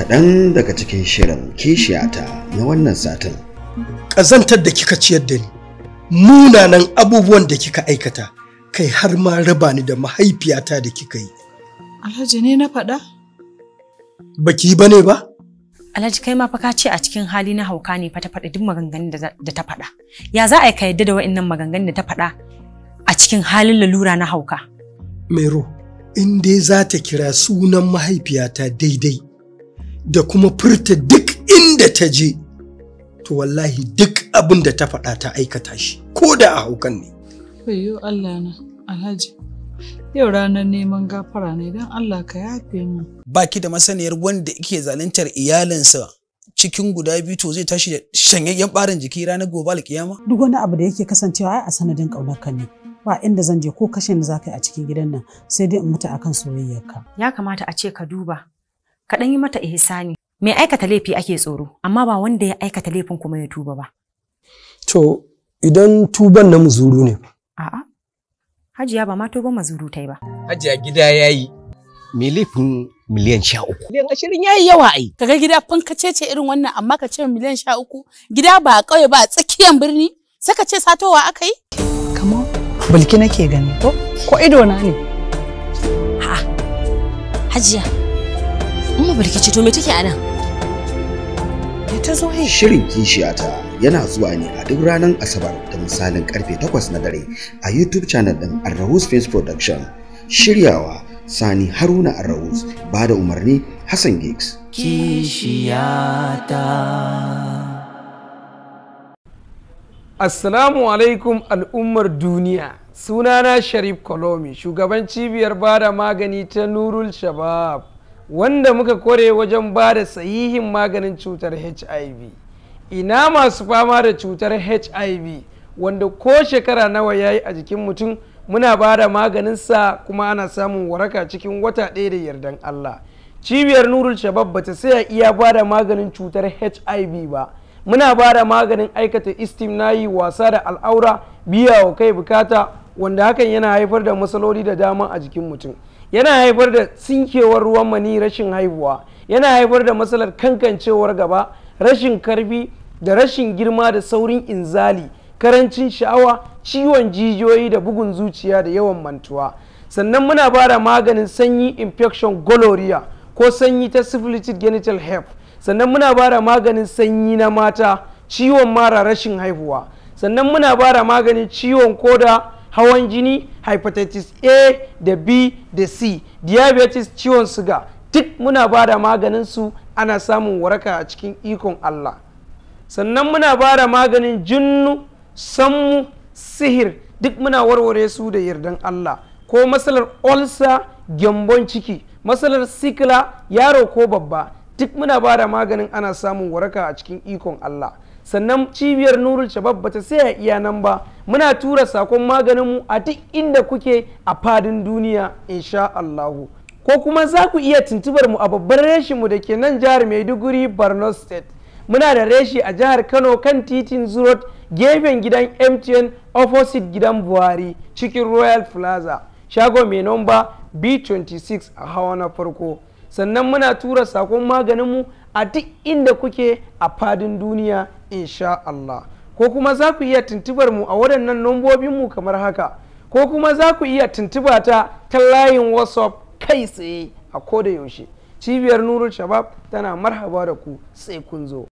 kaɗan daga cikin shirin kishiyata na wannan satin. Ƙazantar da kika ciyar da ni, munanan abubuwan da kika aikata, kai har ma raba ni da mahaifiyata da kika yi. Alhaji ne na faɗa? Baki ba ne ba? Alhaji kai ma fa ka ce a cikin hali na hauka ne fa ta faɗi duk maganganun da ta faɗa. Ya za a yi ka yadda da wa'annan maganganun da ta faɗa a cikin halin lalura na hauka? Mero, in dai za ta kira sunan mahaifiyata daidai, da kuma furta duk inda ta je to wallahi duk abin da ta faɗa ta aikata shi ko da a haukan ne. Ayyo Allah na Alhaji yau ranar neman gafara ne don Allah ka yafe mu. Baki da masaniyar wanda yake zaluntar iyalinsa cikin guda biyu to zai tashi da shanyayyen barin jiki ranar gobe alkiyama. Duk wani abu da yake kasancewa a sanadin ƙaunarka ne. ba inda zan je ko kashe ni za ka yi a cikin gidan nan sai dai in mutu akan soyayyarka. Ya kamata a ce ka duba ka yi mata ihsani mai aikata laifi ake tsoro amma ba wanda ya aikata laifin kuma ya tuba ba to idan tuban na muzuru ne a'a hajiya ba ma tuban muzuru yi ba hajiya gida ya yi. me laifin miliyan sha uku. Miliyan ashirin ya yi yawa ai. Kaga gida kun kace ce irin wannan amma ka ce miliyan sha uku gida ba a ƙauye ba a tsakiyar birni sai ka ce satowa aka yi. Kama bulki nake gani ko ko ido na ne. Ha hajiya Umma to me take a nan? ta zo Shirin kishiyata yana zuwa ne a duk ranar Asabar da misalin karfe 8 na dare a YouTube channel din Arrahus face Production. Shiryawa Sani Haruna Arrahus ba da umarni Hassan Gigs. Kishiyata. Assalamu alaikum al'ummar duniya. Sunana Sharif Kolomi, shugaban cibiyar bada magani ta Nurul Shabab. wanda muka kore wajen ba da sahihin maganin cutar hiv ina masu fama da cutar hiv wanda ko shekara nawa ya a jikin mutum muna ba da sa kuma ana samun waraka cikin wata ɗaya da yardan allah cibiyar nurul shabab bata saya iya ba da maganin cutar hiv ba muna ba da maganin aikata istimnayi wasa da al'aura biya wa kai bukata wanda hakan yana haifar da matsaloli da dama a jikin mutum yana haifar da tsinkewar ruwan mani rashin haihuwa yana haifar da matsalar kankancewar gaba rashin karfi da rashin girma da saurin inzali karancin sha'awa ciwon jijiyoyi da bugun zuciya da yawan mantuwa sannan muna ba da maganin sanyi infection gonorrhea ko sanyi ta syphilitic genital herp sannan muna ba da maganin sanyi na mata ciwon mara rashin haihuwa sannan muna ba da maganin ciwon koda hawan jini hepatitis a da b da c diabetes ciwon suga duk muna ba da maganin su ana samun waraka a cikin ikon allah sannan muna ba da maganin jinnu sammu sihir duk muna warware su da yardan allah ko matsalar olsa gyambon ciki matsalar sikila yaro ko babba duk muna ba da maganin ana samun waraka a cikin ikon allah sannan cibiyar nurul shabab ba ta saya iya nan ba muna tura sakon maganinmu a duk inda kuke a fadin duniya insha Allahu ko kuma za ku iya tuntubar mu a babban reshinmu da ke nan jihar Maiduguri Borno State muna da reshi a jihar Kano kan titin Zurot gefen gidan MTN opposite gidan Buhari cikin Royal Plaza shago mai nomba B26 a hawa na farko sannan muna tura sakon maganinmu a duk inda kuke a fadin duniya insha Allah ko kuma za ku iya tuntubar mu a waɗannan nombobin mu kamar haka ko kuma za ku iya tuntuba ta ta layin whatsapp kai tsaye a koda yaushe cibiyar nurul shabab tana marhaba da ku sai kun zo